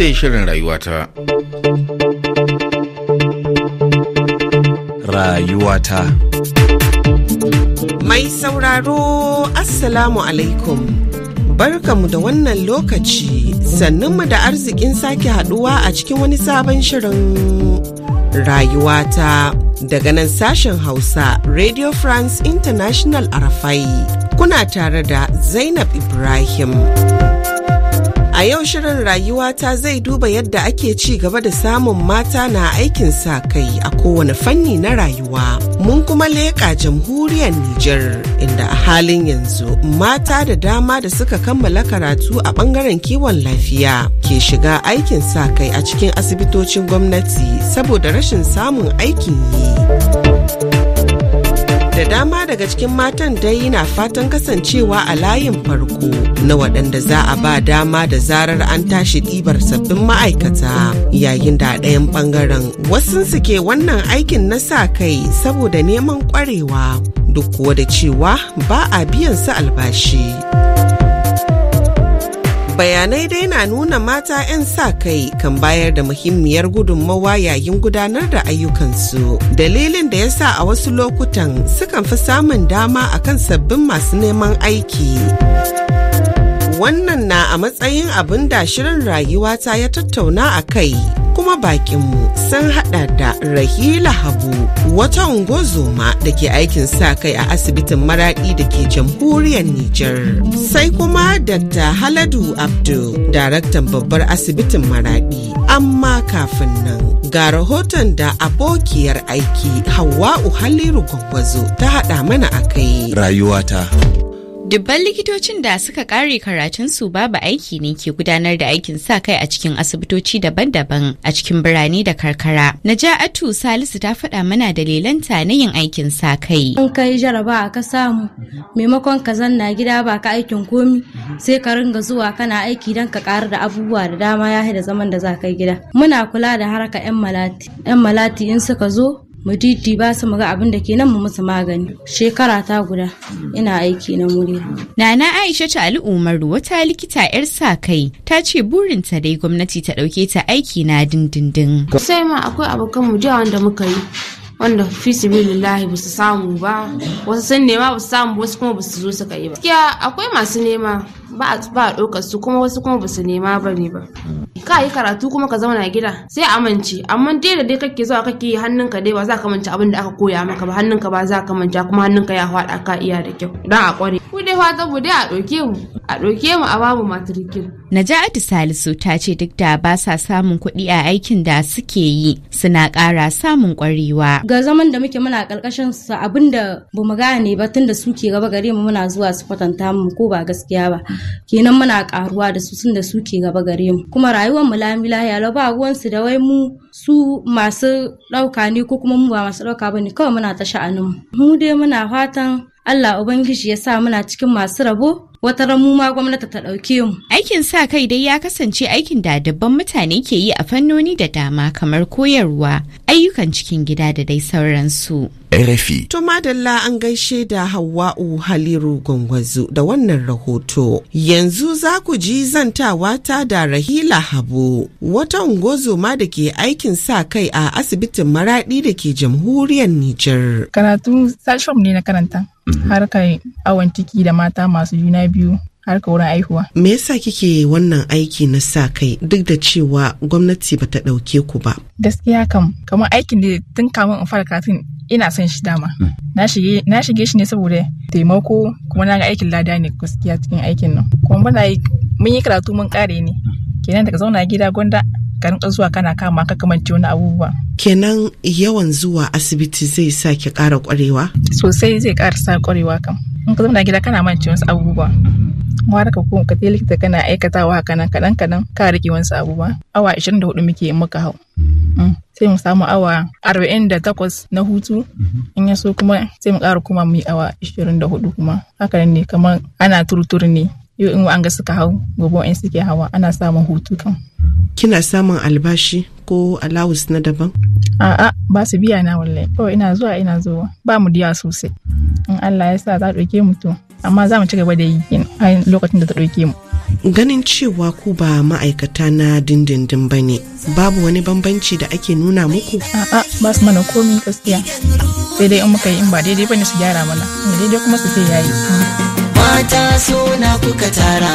sai shirin rayuwata. Rayuwata. Mai sauraro Assalamu alaikum. Barkamu da wannan lokaci mu da arzikin sake haduwa a cikin wani sabon shirin rayuwata daga nan sashen Hausa Radio France International Arafai. Kuna tare da Zainab Ibrahim. A yau shirin rayuwata zai duba yadda ake ci gaba da samun mata na aikin sa kai a kowane fanni na rayuwa. Mun kuma leƙa jamhuriyar Nijar inda a halin yanzu mata da dama da suka kammala karatu a ɓangaren kiwon lafiya ke shiga aikin sa kai a cikin asibitocin gwamnati saboda rashin samun aikin yi. da dama daga cikin matan dai na fatan kasancewa a layin farko na waɗanda za a ba dama da zarar an tashi ɗibar sabbin ma'aikata yayin da ɗayan ɓangaren wasu ke wannan aikin na sa kai saboda neman ƙwarewa duk kuwa da cewa ba a biyan su albashi. bayanai dai na nuna mata 'yan sa kai kan bayar da muhimmiyar gudunmawa yayin gudanar da ayyukansu dalilin da ya sa a wasu lokutan sukan fi samun dama akan sabbin masu neman aiki wannan na a matsayin abin da shirin rayuwa ta ya tattauna a kai bakinmu sun hada da Rahila Habu wata ungozoma da ke aikin sa kai a asibitin maradi da ke jamhuriyar Nijar. Sai kuma Dr. Haladu Abdul, daraktan babbar asibitin maradi. Amma kafin nan ga rahoton da abokiyar aiki Hawwa'u Haliru Gwagwazo ta hada mana a kai. Rayuwata. Dubban likitocin da suka kare karatunsu babu aiki ne ke gudanar da aikin sa kai a cikin asibitoci daban-daban a cikin birane da karkara. Naja'atu Salisu ta faɗa mana dalilan ta na yin aikin sa kai. An kai jaraba ka samu maimakon ka zanna gida ba ka aikin komi sai ka ringa zuwa kana aiki don ka ƙara da abubuwa da dama ya da zaman da za ka gida. Muna kula da haraka 'yan malati. 'Yan malati in suka zo mu ba su mu ga abin da ke nan mu musu magani shekara ta guda ina aiki na murya. Nana Aisha ta Ali Umaru wata likita 'yar sa kai ta ce burinta dai gwamnati ta ɗauke ta aiki na dindindin. Sai ma akwai abokan mu wanda muka yi wanda fi lillahi ba su samu ba wasu sun nema ba su samu wasu kuma ba su zo su kai ba. Gaskiya akwai masu nema ba a ɗaukar su kuma wasu kuma basu nema ba ne ba ka yi karatu kuma ka zauna gida sai amince amma dai da dai kake zuwa kake yi hannunka dai ba za ka manta abin da aka koya maka ba hannunka ba za ka manta kuma hannunka ya faɗa ka iya da kyau don a ƙware ku dai fata mu dai a ɗauke mu a ɗauke mu a babu matrikin Naja'atu Salisu ta ce duk da ba sa samun kuɗi a aikin da suke yi suna ƙara samun ƙwarewa. Ga zaman da muke muna ƙarƙashin su abin da ba gane ba tun da suke gaba gare mu muna zuwa su kwatanta mu ko ba gaskiya ba. kenan muna karuwa da su sun da su ke gaba gare mu kuma rayuwar mu lami lahiya ba su da wai mu su masu ɗauka ne ko kuma mu ba masu ɗauka ba ne kawai muna ta sha'anin mu mu dai muna fatan Allah Ubangiji ya sa muna cikin masu rabo wata ramu gwamnati ta ɗauke mu. Aikin sa kai dai ya kasance aikin da dabban mutane ke yi a fannoni da dama kamar koyarwa, ayyukan cikin gida da dai sauransu. RFI. To madalla an gaishe da Hawwa'u Haliru Gwangwazu da wannan rahoto. Yanzu za ku ji zantawa ta da Rahila Habu, wata ungozoma da ke aikin sa kai a asibitin Maraɗi da ke jamhuriyar Nijar. Karatu sashen ne na karanta. Mhm. harkar awon ciki da mata masu juna biyu harka wurin aihuwa. Me yasa kike wannan aiki na sa kai duk da cewa gwamnati bata ɗauke ku ba? Gaskiya kam, kamar aikin da tun kamun in fara karatun ina son shi dama. Hmm. Na shige shi ne saboda taimako kuma na ga aikin lada ne gaskiya cikin aikin nan. Kuma muna yi mun yi karatu mun kare ne. Hmm. Kenan daga zauna gida gwanda ka zuwa kana kama ka kaman wani abubuwa kenan yawan zuwa asibiti zai sa ki ƙara ƙwarewa sosai zai ƙara sa ƙwarewa kam in ka zauna gida kana mance wasu abubuwa wara ka kuma ka likita kana aikatawa haka nan kaɗan kaɗan ka rike wasu abubuwa awa 24 muke muka hau mm, sai mu samu awa 48 na hutu in ya so kuma sai mu ƙara kuma mu yi awa 24 kuma haka ne kamar ana turuturu ne yau in an ga suka hau gobe in suke hawa ana samun hutu kan kina samun albashi ko alawus na daban a'a ba su biya na wallahi kawai ina zuwa ina zuwa ba mu diya sosai in Allah ya sa za a ɗauke mu to amma za mu ci gaba da yi a lokacin da ta ɗauke mu ganin cewa ku ba ma'aikata na dindindin ba ne babu wani bambanci da ake nuna muku a'a ba su mana komi gaskiya sai dai in muka yi in ba daidai ba ne su gyara mana daidai kuma su sai yayi mata suna kuka tara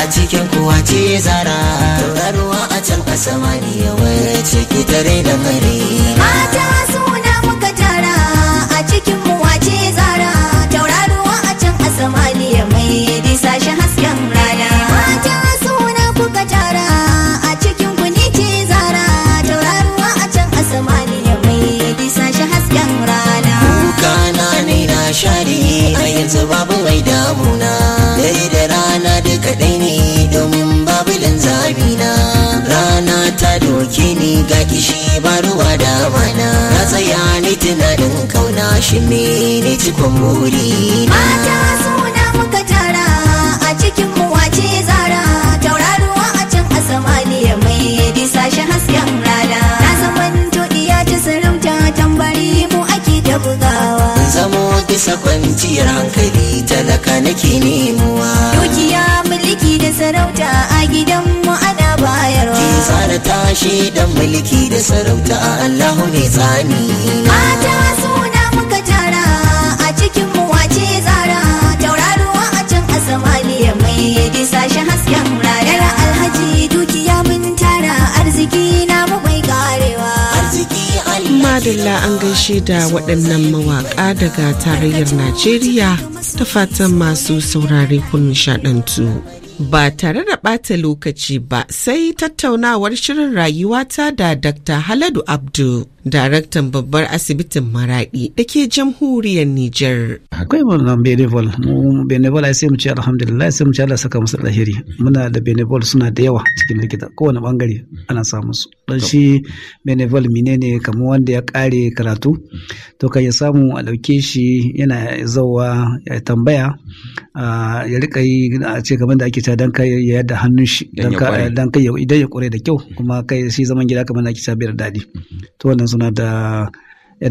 a cikin kuwa ce zara tauraruwa a can a samaniya wai ciki tare da mare mene cikon muri mata suna muka tara a cikin mu wace zara tauraruwa a can asamaniya mai bisa shi hasken rana na zaman ya ta sarauta tambari mu ake da bugawa zamo bisa kwanciyar hankali talaka nake nemuwa dukiya mulki da sarauta a gidan mu ana bayarwa ki tsara tashi dan mulki da sarauta a allahu mai tsani madalla an gaishe da waɗannan mawaƙa daga tarayyar Najeriya ta fatan masu saurare kunun shaɗantu. Ba tare da ɓata lokaci ba sai tattaunawar shirin rayuwata da Dr. Haladu Abdul. daraktan babbar asibitin maraɗi da ke jamhuriyar Nijar. Akwai wannan Benevol, mu Benevol ai sai mu ce alhamdulillah sai mu ce Allah saka musu lahiri. Muna da Benevol suna da yawa cikin likita kowane bangare ana samu su. Dan shi Benevol menene kamar wanda ya kare karatu to kan ya samu a dauke shi yana zawa ya tambaya ya rika yi a ce kamar da ake ta dan kai ya yadda hannun shi dan kai idan ya kure da kyau kuma kai shi zaman gida kamar da ake ta biyar daɗi. To wannan Nadaa e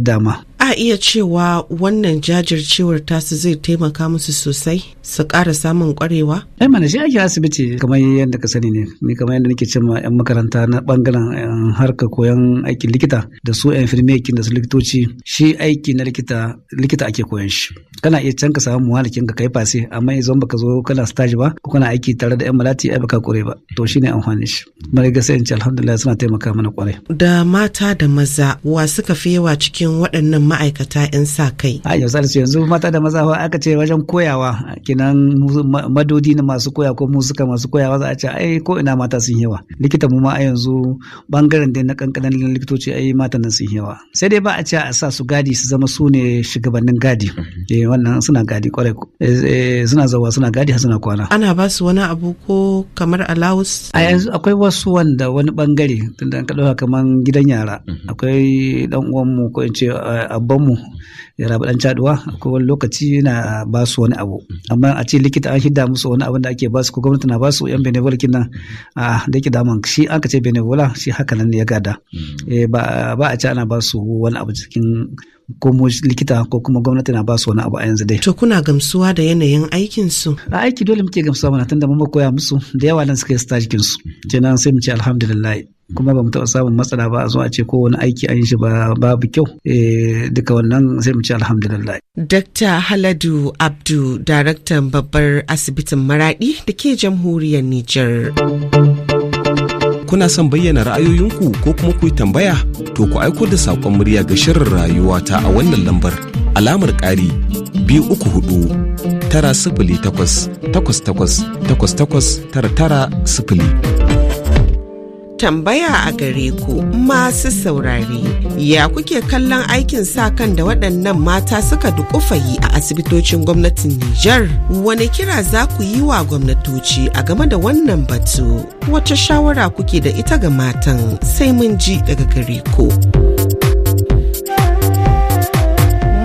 a iya cewa wannan jajircewar tasu zai taimaka musu sosai su ƙara samun ƙwarewa? ai eh mana shi ake asibiti kamar yadda ka sani ne ni kamar yadda nake cewa yan makaranta na bangaren eh, harka koyon aikin likita da su yan firmekin da su likitoci shi aiki na likita likita ake koyon shi kana iya can ka samu muhalikin ka kai fase amma ba baka zo kana stage ba ko kana aiki tare da yan malati ai baka kure ba to shine amfani shi mai ga sai in ce alhamdulillah suna taimaka mana kwarai da mata da maza wa suka fi yawa cikin waɗannan ma'aikata 'yan sa kai. A yanzu yanzu mata da maza aka ce wajen koyawa kinan madodi na masu koya ko musuka masu koyawa za a ce ai ko ina mata sun yawa. Likita mu ma a yanzu bangaren da na kankanan likitoci ai mata nan sun yawa. Sai dai ba a ce a sa su gadi su zama su ne shugabannin gadi. Eh wannan suna gadi kwarai eh, eh, suna zawa suna gadi suna kwana. Ana ba su wani abu ko kamar allowance. A yanzu akwai wasu wanda wani bangare tunda an ka kamar gidan yara. Mm-hmm. Akwai dan mu ko in ce abu eh, babbanmu rabu dan caduwa akwai wani lokaci yana ba su wani abu amma a ce likita an hidda musu wani abu da ake ba su ko gwamnati na ba su yan benevola kinan a da yake daman shi an ka ce benevola shi haka nan ya gada mm. eh, ba a ce ana ba su wani abu cikin ko mu likita ko kuma gwamnati na ba su wani abu a yanzu dai. To kuna gamsuwa da yanayin aikin su? A aiki dole muke gamsuwa mana tunda mun koya musu da yawa nan suka yi stage su. Kenan sai mu ce alhamdulillah. kuma ba mu taɓa samun matsala ba a zo a ce ko wani aiki an yi shi ba babu kyau eh, duka wannan sai mu ce alhamdulillah. Dokta Haladu Abdu, daraktan babbar asibitin Maraɗi da ke jamhuriyar Nijar. Kuna son bayyana ra'ayoyinku ko kuma ku tambaya? To ku aiko da saƙon murya ga shirin rayuwa ta a wannan lambar alamar ƙari biyu uku hudu tara sifili takwas takwas takwas takwas takwas tara tara sifili. Tambaya a gare ku masu saurare, ya kuke kallon aikin sa kan da waɗannan mata suka dukufa yi a asibitocin gwamnatin Nijar? Wane kira za ku yi wa gwamnatoci a game da wannan batu? wata shawara kuke da ita ga matan sai mun ji daga gare ku.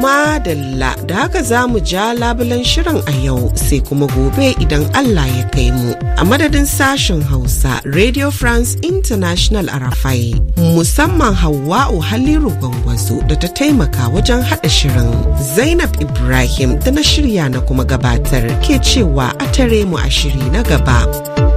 madalla da haka za mu ja labulan shirin a yau sai kuma gobe idan Allah ya kai mu a madadin sashen Hausa Radio France International a Rafai musamman Hauwa'u haliru Gwangwazo da ta taimaka wajen haɗa shirin Zainab Ibrahim da na shirya na kuma gabatar ke cewa a tare mu a shiri na gaba.